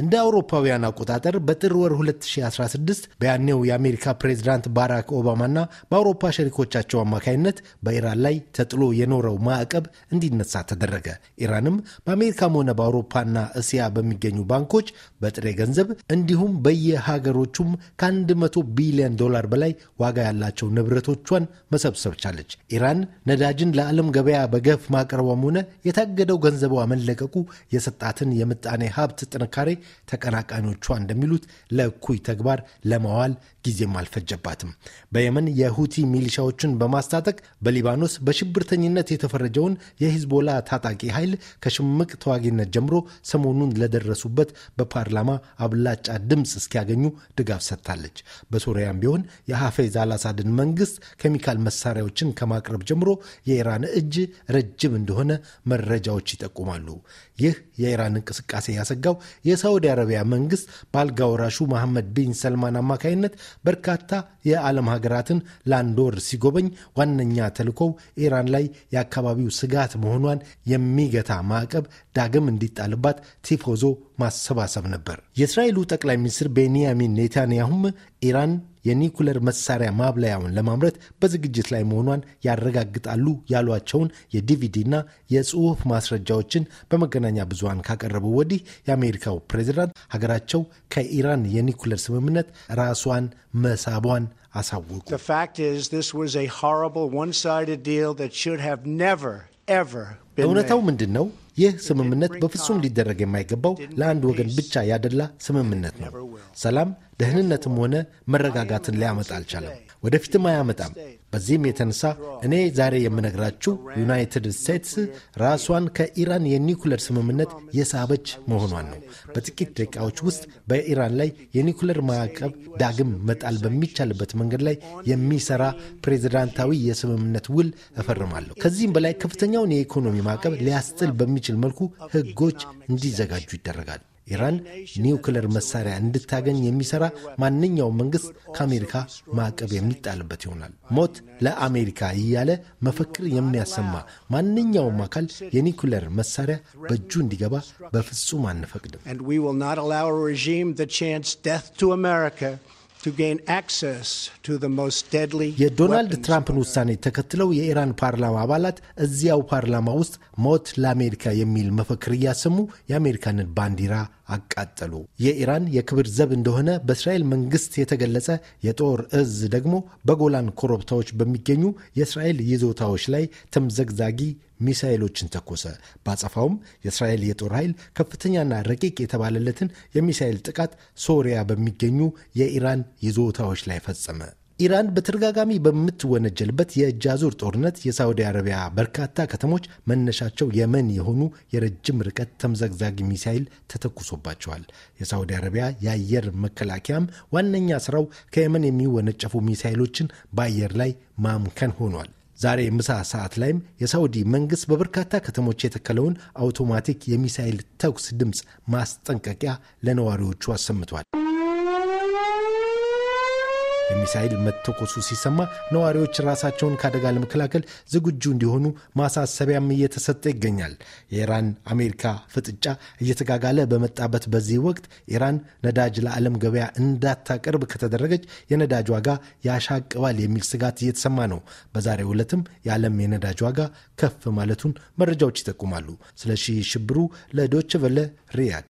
እንደ አውሮፓውያን አቆጣጠር በጥር ወር 2016 በያኔው የአሜሪካ ፕሬዝዳንት ባራክ ኦባማና በአውሮፓ ሸሪኮቻቸው አማካይነት በኢራን ላይ ተጥሎ የኖረው ማዕቀብ እንዲነሳ ተደረገ። ኢራንም በአሜሪካም ሆነ በአውሮፓና እስያ በሚገኙ ባንኮች በጥሬ ገንዘብ እንዲሁም በየሀገሮቹም ከ100 ቢሊዮን ዶላር በላይ ዋጋ ያላቸው ንብረቶቿን መሰብሰብ ቻለች። ኢራን ነዳጅን ለዓለም ገበያ በገፍ ማቅረቧም ሆነ የታገደው ገንዘቧ መለቀቁ የሰጣትን የምጣኔ ሀብት ጥንካሬ ተቀናቃኞቿ እንደሚሉት ለእኩይ ተግባር ለማዋል ጊዜም አልፈጀባትም። በየመን የሁቲ ሚሊሻዎችን በማስታጠቅ በሊባኖስ በሽብርተኝነት የተፈረጀውን የሂዝቦላ ታጣቂ ኃይል ከሽምቅ ተዋጊነት ጀምሮ ሰሞኑን ለደረሱበት በፓርላማ አብላጫ ድምፅ እስኪያገኙ ድጋፍ ሰጥታለች። በሶሪያም ቢሆን የሐፌዝ አላሳድን መንግስት ኬሚካል መሳሪያዎችን ከማቅረብ ጀምሮ የኢራን እጅ ረጅም እንደሆነ መረጃዎች ይጠቁማሉ። ይህ የኢራን እንቅስቃሴ ያሰጋው የሰ የሳዑዲ አረቢያ መንግስት በአልጋ ወራሹ መሐመድ ቢን ሰልማን አማካይነት በርካታ የዓለም ሀገራትን ለአንድ ወር ሲጎበኝ ዋነኛ ተልኮው ኢራን ላይ የአካባቢው ስጋት መሆኗን የሚገታ ማዕቀብ ዳግም እንዲጣልባት ቲፎዞ ማሰባሰብ ነበር። የእስራኤሉ ጠቅላይ ሚኒስትር ቤንያሚን ኔታንያሁም ኢራን የኒኩለር መሳሪያ ማብላያውን ለማምረት በዝግጅት ላይ መሆኗን ያረጋግጣሉ ያሏቸውን የዲቪዲና የጽሑፍ ማስረጃዎችን በመገናኛ ብዙኃን ካቀረቡ ወዲህ የአሜሪካው ፕሬዚዳንት ሀገራቸው ከኢራን የኒኩለር ስምምነት ራሷን መሳቧን አሳወቁ። እውነታው ምንድን ነው? ይህ ስምምነት በፍጹም ሊደረግ የማይገባው ለአንድ ወገን ብቻ ያደላ ስምምነት ነው። ሰላም፣ ደህንነትም ሆነ መረጋጋትን ሊያመጣ አልቻለም። ወደፊትም አያመጣም። በዚህም የተነሳ እኔ ዛሬ የምነግራችሁ ዩናይትድ ስቴትስ ራሷን ከኢራን የኒኩለር ስምምነት የሳበች መሆኗን ነው። በጥቂት ደቂቃዎች ውስጥ በኢራን ላይ የኒኩለር ማዕቀብ ዳግም መጣል በሚቻልበት መንገድ ላይ የሚሰራ ፕሬዚዳንታዊ የስምምነት ውል እፈርማለሁ። ከዚህም በላይ ከፍተኛውን የኢኮኖሚ ማዕቀብ ሊያስጥል በሚችል መልኩ ሕጎች እንዲዘጋጁ ይደረጋል። ኢራን ኒውክለር መሳሪያ እንድታገኝ የሚሰራ ማንኛውም መንግስት ከአሜሪካ ማዕቀብ የሚጣልበት ይሆናል። ሞት ለአሜሪካ እያለ መፈክር የሚያሰማ ማንኛውም አካል የኒውክለር መሳሪያ በእጁ እንዲገባ በፍጹም አንፈቅድም። የዶናልድ ትራምፕን ውሳኔ ተከትለው የኢራን ፓርላማ አባላት እዚያው ፓርላማ ውስጥ ሞት ለአሜሪካ የሚል መፈክር እያሰሙ የአሜሪካንን ባንዲራ አቃጠሉ። የኢራን የክብር ዘብ እንደሆነ በእስራኤል መንግስት የተገለጸ የጦር እዝ ደግሞ በጎላን ኮረብታዎች በሚገኙ የእስራኤል ይዞታዎች ላይ ተምዘግዛጊ ሚሳኤሎችን ተኮሰ። ባጸፋውም የእስራኤል የጦር ኃይል ከፍተኛና ረቂቅ የተባለለትን የሚሳኤል ጥቃት ሶሪያ በሚገኙ የኢራን ይዞታዎች ላይ ፈጸመ። ኢራን በተደጋጋሚ በምትወነጀልበት የእጅ አዙር ጦርነት የሳውዲ አረቢያ በርካታ ከተሞች መነሻቸው የመን የሆኑ የረጅም ርቀት ተምዘግዛግ ሚሳይል ተተኩሶባቸዋል። የሳውዲ አረቢያ የአየር መከላከያም ዋነኛ ስራው ከየመን የሚወነጨፉ ሚሳይሎችን በአየር ላይ ማምከን ሆኗል። ዛሬ ምሳ ሰዓት ላይም የሳውዲ መንግስት በበርካታ ከተሞች የተከለውን አውቶማቲክ የሚሳይል ተኩስ ድምፅ ማስጠንቀቂያ ለነዋሪዎቹ አሰምቷል። የሚሳይል መተኮሱ ሲሰማ ነዋሪዎች ራሳቸውን ከአደጋ ለመከላከል ዝግጁ እንዲሆኑ ማሳሰቢያም እየተሰጠ ይገኛል። የኢራን አሜሪካ ፍጥጫ እየተጋጋለ በመጣበት በዚህ ወቅት ኢራን ነዳጅ ለዓለም ገበያ እንዳታቀርብ ከተደረገች የነዳጅ ዋጋ ያሻቅባል የሚል ስጋት እየተሰማ ነው። በዛሬው ዕለትም የዓለም የነዳጅ ዋጋ ከፍ ማለቱን መረጃዎች ይጠቁማሉ። ስለሺ ሽብሩ ለዶችቨለ ሪያድ